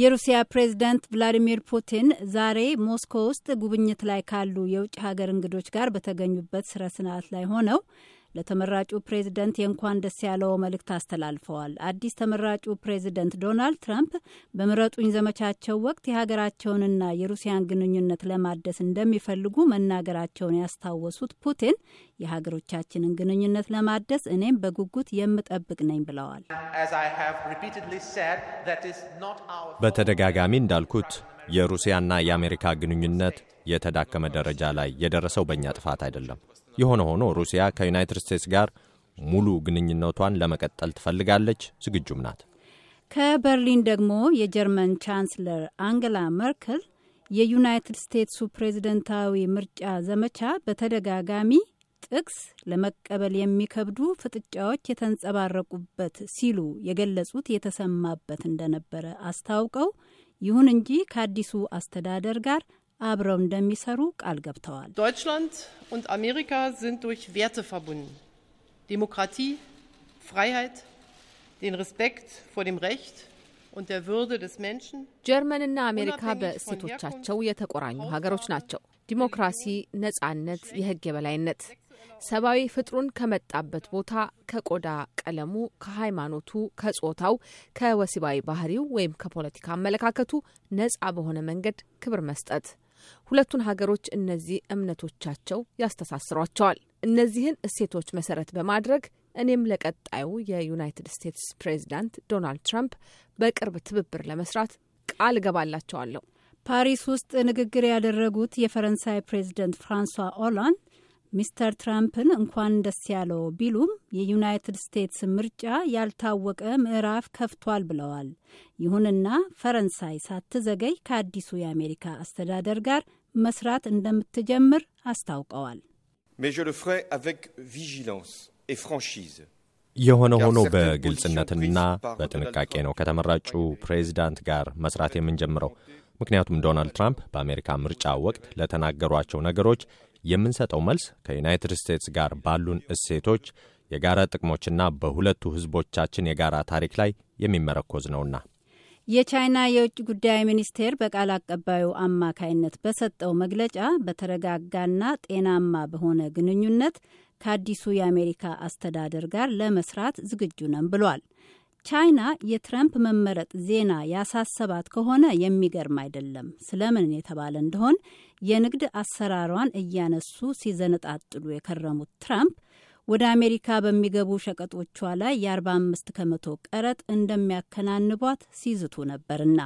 የሩሲያ ፕሬዝደንት ቭላዲሚር ፑቲን ዛሬ ሞስኮ ውስጥ ጉብኝት ላይ ካሉ የውጭ ሀገር እንግዶች ጋር በተገኙበት ስነ ስርዓት ላይ ሆነው ለተመራጩ ፕሬዝደንት የእንኳን ደስ ያለው መልእክት አስተላልፈዋል። አዲስ ተመራጩ ፕሬዝደንት ዶናልድ ትራምፕ በምረጡኝ ዘመቻቸው ወቅት የሀገራቸውንና የሩሲያን ግንኙነት ለማደስ እንደሚፈልጉ መናገራቸውን ያስታወሱት ፑቲን የሀገሮቻችንን ግንኙነት ለማደስ እኔም በጉጉት የምጠብቅ ነኝ ብለዋል። በተደጋጋሚ እንዳልኩት የሩሲያና የአሜሪካ ግንኙነት የተዳከመ ደረጃ ላይ የደረሰው በእኛ ጥፋት አይደለም። የሆነ ሆኖ ሩሲያ ከዩናይትድ ስቴትስ ጋር ሙሉ ግንኙነቷን ለመቀጠል ትፈልጋለች፣ ዝግጁም ናት። ከበርሊን ደግሞ የጀርመን ቻንስለር አንገላ መርከል የዩናይትድ ስቴትሱ ፕሬዝደንታዊ ምርጫ ዘመቻ በተደጋጋሚ ጥቅስ ለመቀበል የሚከብዱ ፍጥጫዎች የተንጸባረቁበት ሲሉ የገለጹት የተሰማበት እንደነበረ አስታውቀው ይሁን እንጂ ከአዲሱ አስተዳደር ጋር አብረው እንደሚሰሩ ቃል ገብተዋል። ዶይችላንድ und አሜሪካ sind durch Werte verbunden. ዲሞክራቲ፣ Freiheit, den Respekt vor dem Recht ጀርመንና አሜሪካ በእሴቶቻቸው የተቆራኙ ሀገሮች ናቸው። ዲሞክራሲ፣ ነጻነት፣ የህግ የበላይነት ሰብአዊ ፍጥሩን ከመጣበት ቦታ ከቆዳ ቀለሙ፣ ከሃይማኖቱ፣ ከጾታው፣ ከወሲባዊ ባህሪው ወይም ከፖለቲካ አመለካከቱ ነጻ በሆነ መንገድ ክብር መስጠት። ሁለቱን ሀገሮች እነዚህ እምነቶቻቸው ያስተሳስሯቸዋል። እነዚህን እሴቶች መሰረት በማድረግ እኔም ለቀጣዩ የዩናይትድ ስቴትስ ፕሬዚዳንት ዶናልድ ትራምፕ በቅርብ ትብብር ለመስራት ቃል እገባላቸዋለሁ። ፓሪስ ውስጥ ንግግር ያደረጉት የፈረንሳይ ፕሬዚደንት ፍራንሷ ኦላንድ ሚስተር ትራምፕን እንኳን ደስ ያለው ቢሉም የዩናይትድ ስቴትስ ምርጫ ያልታወቀ ምዕራፍ ከፍቷል ብለዋል። ይሁንና ፈረንሳይ ሳትዘገይ ከአዲሱ የአሜሪካ አስተዳደር ጋር መስራት እንደምትጀምር አስታውቀዋል። የሆነ ሆኖ በግልጽነትና በጥንቃቄ ነው ከተመራጩ ፕሬዚዳንት ጋር መስራት የምንጀምረው። ምክንያቱም ዶናልድ ትራምፕ በአሜሪካ ምርጫ ወቅት ለተናገሯቸው ነገሮች የምንሰጠው መልስ ከዩናይትድ ስቴትስ ጋር ባሉን እሴቶች፣ የጋራ ጥቅሞችና በሁለቱ ህዝቦቻችን የጋራ ታሪክ ላይ የሚመረኮዝ ነውና። የቻይና የውጭ ጉዳይ ሚኒስቴር በቃል አቀባዩ አማካይነት በሰጠው መግለጫ በተረጋጋና ጤናማ በሆነ ግንኙነት ከአዲሱ የአሜሪካ አስተዳደር ጋር ለመስራት ዝግጁ ነን ብሏል። ቻይና የትረምፕ መመረጥ ዜና ያሳሰባት ከሆነ የሚገርም አይደለም። ስለምን የተባለ እንደሆን የንግድ አሰራሯን እያነሱ ሲዘነጣጥሉ የከረሙት ትራምፕ ወደ አሜሪካ በሚገቡ ሸቀጦቿ ላይ የ45 ከመቶ ቀረጥ እንደሚያከናንቧት ሲዝቱ ነበርና